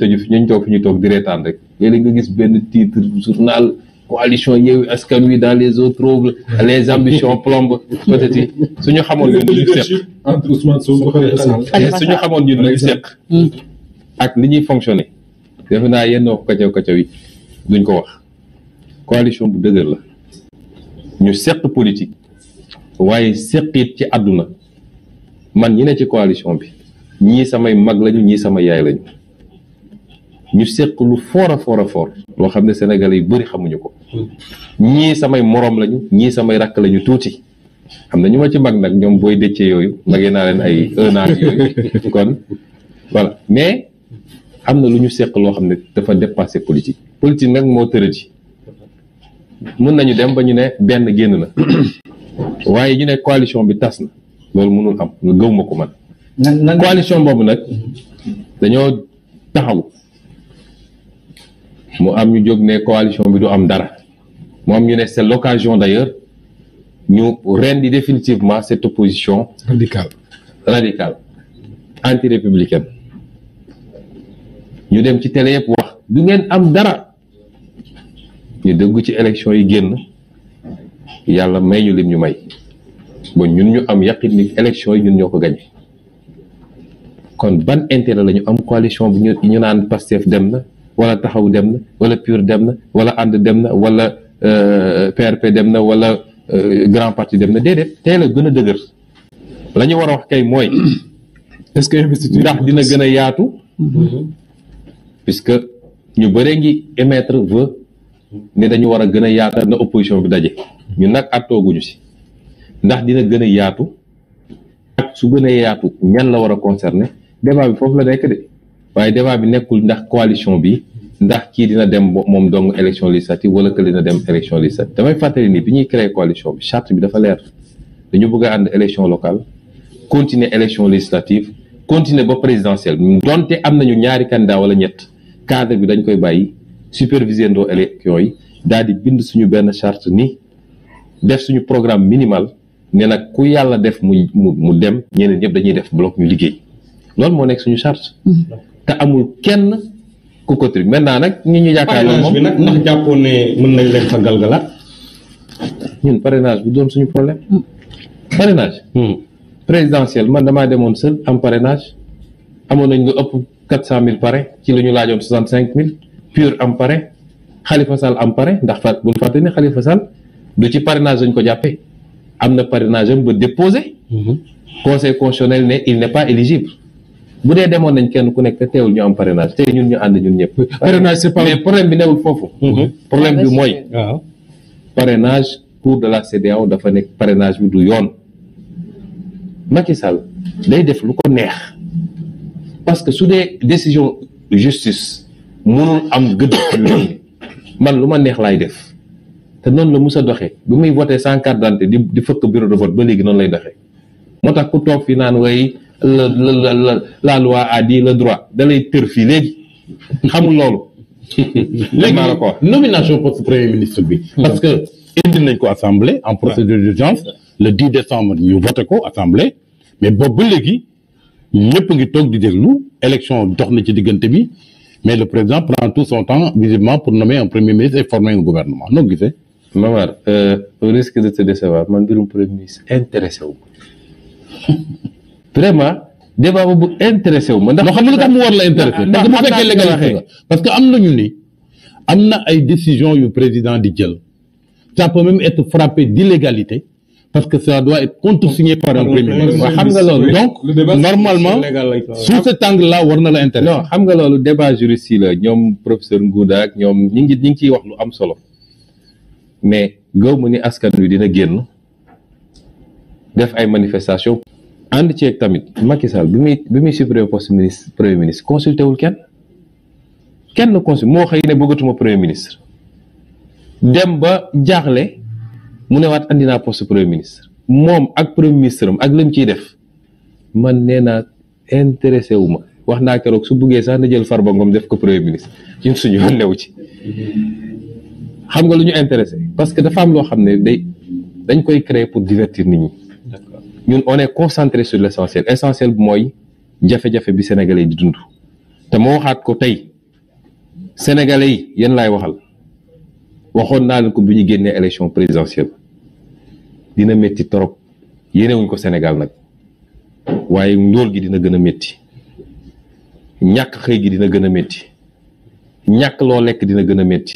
tëju fi ñu toog fi ñu toog di reetaan rek léeg-léeg nga gis benn titre journal coalition Yewwi Askan Wi dans les eaux troubles les ambitions plombent peut-être suñu xamoon ñun lu ñu seq suñu xamoon ñun lu ñu seq ak li ñuy fonctionner defe naa yenn wax kacaw kacaw yi duñ ko wax coalition bu dëgër la ñu seq politique waaye seqit ci àdduna man ñi ne ci coalition bi ñii samay mag lañu ñii sama yaay lañu ñu seq lu fort a fort a fort loo xam ne Sénégalais yu bëri xamuñu ko ñii samay moroom lañu ñii samay rakk lañu tuuti xam na ñu ma ci mag nag ñoom booy dëccee yooyu magee naa leen ay un yooyu kon voilà mais am na lu ñu seq loo xam ne dafa dépassé politique politique nag moo tërëji mun nañu dem ba ñu ne benn génn na waaye ñu ne coalition bi tas na loolu mënul am nga gëw ma ko man coalition boobu nag mhm. dañoo taxaw mu am ñu jóg ne coalition bi du am dara mu am ñu ne c'est l'occasion d'ailleurs ñu rendi définitivement cette opposition radicale radicale antirépublicaine ñu dem ci télé yëpp wax du ngeen am dara ñu dëgg ci élection yi génn yàlla may ñu lim ñu may ba ñun ñu am yaqin ni élection yi ñun ñoo ko gañe kon ban intérêt lañu ñu am coalition bi ñu ñu naan Pastef dem na wala taxaw dem na wala pure dem na wala ànd dem na wala euh, perpe dem na wala euh, grand parti dem na déedéet tey la gën a dëgër la war a wax kay mooy est-ce que investiture ndax dina gën a yaatu mm-hmm. puisque ñu bëree ngi émettre vœu ne dañu war a gën a yaatal na opposition bi daje ñu nag attooguñu si ndax dina gën a yaatu ak su gën a yaatu ñan la war a concerner débat bi foofu la nekk de waaye débat bi nekkul ndax coalition bi ndax kii dina dem moom dong élection législative wala que dina dem élection législative damay fàttali nii bi ñuy créer coalition bi charte bi dafa leer dañu bëgg a ànd élection locale continuer élection législative continuer ba présidentielle donte am nañu ñaari candidat wala ñett cadre bi dañu koy bàyyi superviser ndoo élection yi daal di bind suñu benn charte ni def suñu programme minimal ne nag ku yàlla def mu mu dem ñeneen ñëpp dañuy def bloc ñu liggéey loolu moo te amul kenn ku ko tri maintenant nag ñi ñu yaakaar moom bi nag ndax jàppoon ne mën nañ leen fa galgalaat ñun parrainage bi doon suñu problème parrainage hmm. présidentiel man damaa demoon seul am parrainage amoon nañ lu ëpp quatre cent mille pare ci la ñu laajoon soixante cinq mille pur am pare Khalifa Sall am pare ndax fa bu ñu fàtte ne Khalifa Sall du ci parrainage lañ ko jàppee am na parrainage ba déposé hmm. conseil constitutionnel ne il n'est pas éligible bu dee demoon nañ kenn ku nekk teewul ñu am parrainage tey ñun ñu ànd ñun ñëpp. parrainage c'est pas mais problème bi newul foofu. Mhm. problème bi mooy. waaw parrainage cour de la CEDEAO dafa nekk parrainage bi du yoon. Macky day def lu ko neex parce que su dee décision justice mënul am gëdd man lu ma neex laay def te noonu la mus a doxee bi muy voté sans carte d'identité di di fëkk bureau de vote ba léegi noonu lay doxee moo tax ku toog fi naan la la la la loi a dit le droit da lay tër fii léegi xamul loolu. léegi nomination poste premier ministre bi. parce que indi nañ ko assemblée. en procédure d'urgence le 10 décembre ñu voté ko assemblée. mais boobu ba léegi ñëpp ngi toog di déglu élection dox na ci diggante bi mais le président prend tout son temps visiblement pour nommer un premier ministre et former un gouvernement noo gisee. Mamar euh, au risque de te décevoir man mbirum premier ministre intéressé wu vraiment débat bu intéressé wu ma. ndax xam nga lu tax mu war la intéressé. ndax bu fekkee légaliste nga parce que am nañu ni am na ay décisions yu président di jël ça peut même être di légalité parce que ça doit contre contresigné par un premier ministre. xam nga loolu donc normalement sous cet war na la intéresser. non xam nga loolu débat juriste yi la ñoom professeur Ngouda ak ñoom ñi ngi ñi ngi ciy wax lu am solo mais gëw ma ni askan wi dina génn def ay manifestation ànd ceeg tamit Macky bi muy bi muy supprimer poste ministre premier ministre consulté kenn kenn consulté moo xëy ne bëggatuma premier ministre dem ba jaaxle mu ne waat andi naa premier ministre moom ak premier ministre am ak lim ciy def man nee naa intéressé wu ma wax naa keroog su buggee sax ne jël far Farba Ngom def ko premier ministre ñun suñu yoon new ci xam nga lu ñu intéressé parce que dafa am loo xam ne day dañ koy créer pour divertir nit ñi. ñun on est concentré sur l' essentiel essentiel bi mooy jafe-jafe bi sénégalais yi di dund te moo waxaat ko tey sénégalais yi yéen laay waxal waxoon naa leen ko bu ñu génnee élection présidentielle dina métti torop yéenewuñ ko Sénégal nag waaye ndóol gi dina gën a métti ñàkk xëy gi dina gën a métti ñàkk loo lekk dina gën a métti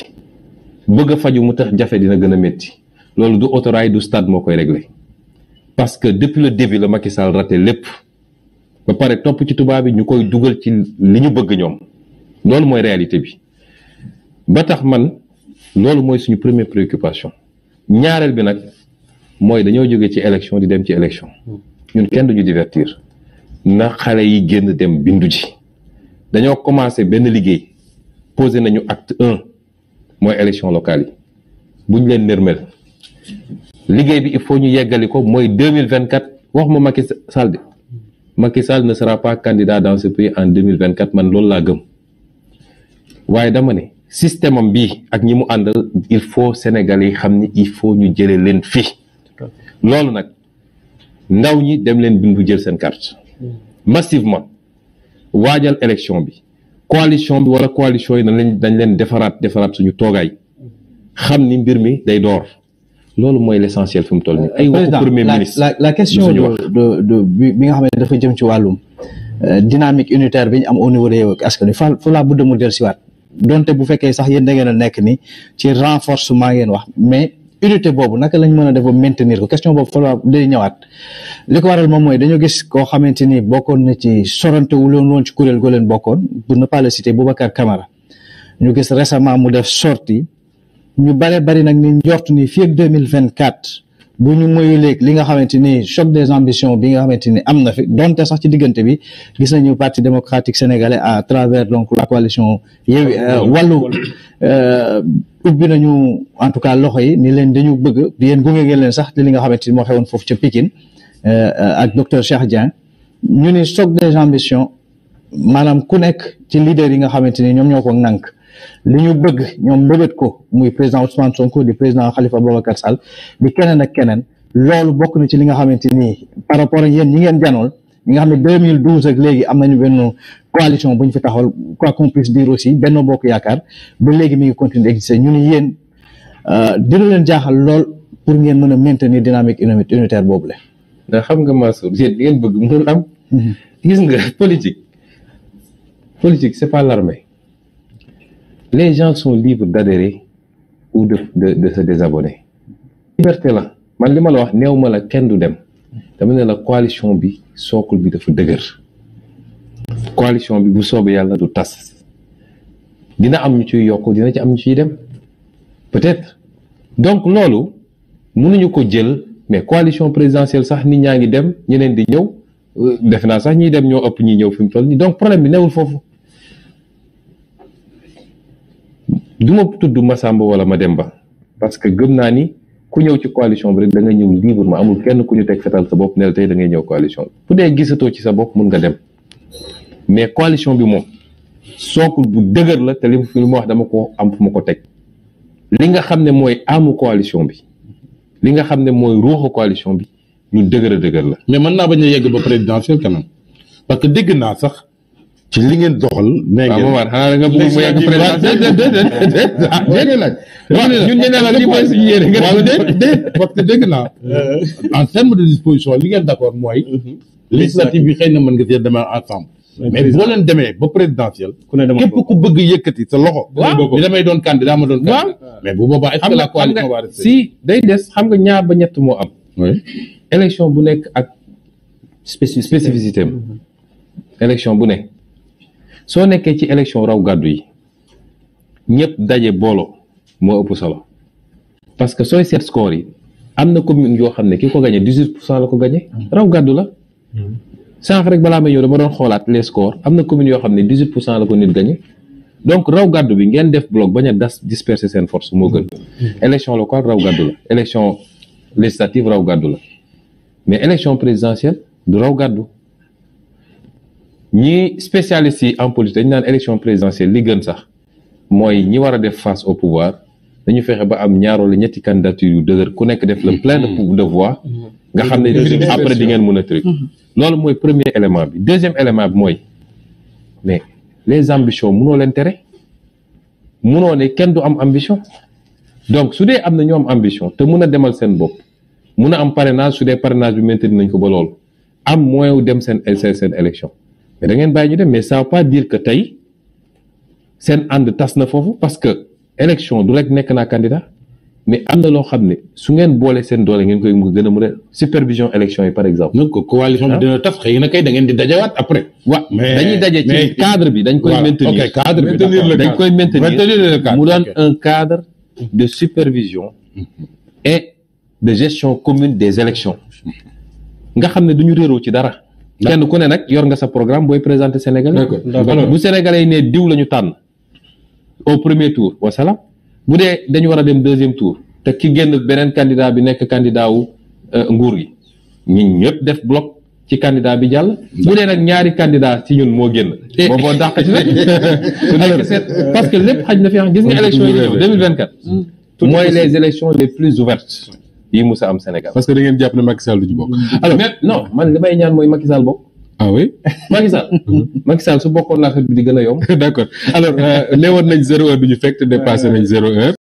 bëgg a faju mu tax jafe dina gën a métti loolu du autorail du stade moo koy réglé parce que depuis le début la Macky Sall raté lépp ba pare topp ci tubaab yi ñu koy dugal ci li ñu bëgg ñoom loolu mooy réalité bi ba tax man loolu mooy suñu première préoccupation ñaareel bi nag mooy dañoo jóge ci élection di dem ci élection ñun kenn duñu divertir na xale yi génn dem bindu ji dañoo commencé benn liggéey posé nañu acte un mooy élection locale yi buñ leen nërmel liggéey bi il faut ñu yeggali ko mooy deux mille vingt quatre wax ma Macky Sall de Macky Sall ne sera pas candidat dans ce pays en deux mille vingt quatre man loolu laa gëm waaye dama ne système am bii ak ñi mu àndal il faut Sénégal yi xam ni il faut ñu jëlee leen fii loolu nag ndaw ñi dem leen bindu jël seen carte massivement waajal élection bi coalition bi wala coalition yi dañ leen dañ leen defaraat defaraat suñu toogaay xam ni mbir mi day door. loolu mooy l'essentiel fi mu toll nii ay waxu premier ministre la question de de bi nga xam ne dafa jëm ci wàllum euh, dynamique unitaire bi ñu am au niveau de Yewwi Askan Wi fa fa laa bëgg mu dellusiwaat donte bu fekkee sax yéen da ngeen a nekk ni ci renforcement ngeen wax mais unité boobu naka lañ mën a def ba maintenir ko question boobu fa laa day ñëwaat li ko waral moom mooy dañoo gis koo xamante ni bokkoon na ci sorante wu leen ci kuréel goo leen bokkoon pour na pas le citer Boubacar Camara ñu gis récemment mu def sortie ñu bare bari nag ni njort ni fii deux mille vingt quatre bu ñu moyu léeg li nga xamante ni choc des ambitions bi nga xamante ni am na fi donte sax ci diggante bi gis nañu parti démocratique sénégalais à travers donc la coalition Yewwi euh, wàllu euh, ubbi nañu en tout cas loxo yi ni leen dañu bëgg yéen gunge ngeen leen sax li nga xamante ni moo xewoon foofu ca Pikine euh, ak docteur Cheikh Dieng ñu ni choc des ambitions maanaam ku nekk ci leader yi nga xamante ni ñoom ñoo ko nànk li ñu bëgg ñoom mbébét ko muy président Ousmane Sonko di président Khalifa Babacar Sall di keneen ak keneen loolu bokk na ci li nga xamante ni par rapport ak yéen ñi ngeen janool ñi xam ne 2012 ak léegi am nañu benn coalition bu ñu fi taxawal quoi qu'on aussi Benno Bokk Yaakaar ba léegi mi ngi continuer d'exister ñu ni yéen euh, dina leen jaaxal lool pour ngeen mën a maintenir dynamique unitaire boobu la. xam nga Mansour yéen li ngeen bëgg mënul am. Mm-hmm. gis nga politique politique c'est pas l'armée les gens son libres d'adhérer ou de de de se désabonner. liberté la man li ma la wax néew ma la kenn du dem dama ne la coalition bi sookul bi dafa dëgër. coalition bi bu soobee yàlla du tas dina am ñu ciy yokk dina ci am ñu ciy dem peut-être donc loolu mënuñu ko jël mais coalition présidentielle sax nit ñaa ngi dem ñeneen di ñëw euh, defe naa sax ñiy dem ñoo ëpp ñi ñëw fi mu toll nii donc problème bi newul foofu. du ma tudd Masamba wala ba parce que gëm naa ni ku ñëw ci coalition bi rek da nga ñëw ma amul kenn ku ñu teg fetal sa bopp ne la tey da ngay ñëw coalition bi bu dee gisatoo ci sa bopp mun nga dem mais coalition bi moom sookul bu dëgër la te li ma wax dama ko am fu ma ko teg li nga xam ne mooy amu coalition bi li nga xam ne mooy ruuxu coalition bi lu dëgër a dëgër la. mais mën naa ba a yegg ba présidentiel quand même parce que dégg naa sax. ci li ngeen doxal. nee ngeen waaw xanaa nga bëgg mu yàgg président déedéet déedéet déedéet laaj. ne nga waaw déet dégg naa. en terme de disposition li ngeen d' accord mooy. législative bi xëy na mën nga see demee ensemble. mais boo leen demee ba présidentiel. ku ne dama képp ku bëgg yëkkati sa loxo. waaw li damay doon candidat ma doon. candidat mais bu boobaa est ce que la coalition va rester si day des xam nga ñaar ba ñett moo am. oui élection bu nekk ak. spécificité am élection bu nekk. soo nekkee ci élection raw gàddu yi ñëpp daje booloo moo ëpp solo parce que sooy seet score yi am na commune yoo xam ne ki ko gagné dix huit la ko gagné mm. raw gàddu la mm. sànq rek balaa may ñëw dama doon xoolaat les scores am na commune yoo xam ne dix huit pour cent la ko nit gagné donc raw gàddu bi ngeen def bloc bañ a das disperser seen force moo gën. Mm. élection locale raw gàddu la élection législative raw gàddu la mais élection présidentielle du raw gàddu. ñi spécialistes yi en politique dañu naan élection présidentielle li gën sax mooy ñi war a def face au pouvoir dañu fexe ba am ñaaroo la ñetti candidature yu dëgër ku nekk def le plein de voix nga xam ne après di ngeen mën a truc mm-hmm. loolu mooy premier élément bi deuxième élément bi mooy mais les ambitions munoo leen tere munoo ne kenn du am ambition donc su dee am na ñu am ambition te mun a demal seen bopp mun a am parrainage su dee parrainage bi maintenir nañ ko ba loolu am moyen dem seen seen seen mais ngeen bàyyi ñu dem mais ça veut pas dire que tey seen ànd tas na foofu parce que élection du rek nekk naa candidat mais am na loo xam ne su ngeen boole seen doole ngeen koy mu gën a mën a supervision élection yi par exemple. donc coalition bi ah. dina tas xëy na kay da ngeen di dajawaat après. wa mais dañuy daje ci cadre bi dañ koy. maintenir ok cadre bi dañ koy maintenir mu doon un cadre de supervision mm-hmm. et de gestion commune des élections nga xam ne du ñu réeroo ci dara. kenn ku ne nag yor nga sa programme booy présenter Sénégalais. d'accord alors bu Sénégalais yi ne diw la ñu tànn au premier tour wasalaam bu dee dañu war a dem deuxième tour te ki génn beneen candidat bi nekk candidat wu euh, nguur gi ñu ñëpp def bloc. ci candidat bi jàll. bu dee nag ñaari candidat ci ñun moo génn. boo boo dàq ci lépp xaj na fi ah gis nga élection yi ñëw 2024. mooy les élections les plus ouvertes. yi mus a am Sénégal. parce que da ngeen jàpp ne Macky du ci bokk. Mm. alors mais man li may ñaan mooy Macky Sall bokk. ah oui Macky Sall. su bokkoon naa bi di gën a yomb. d' accord alors euh, neewoon nañ zéro heure du ñu fekk te dépassé nañ zéro heure.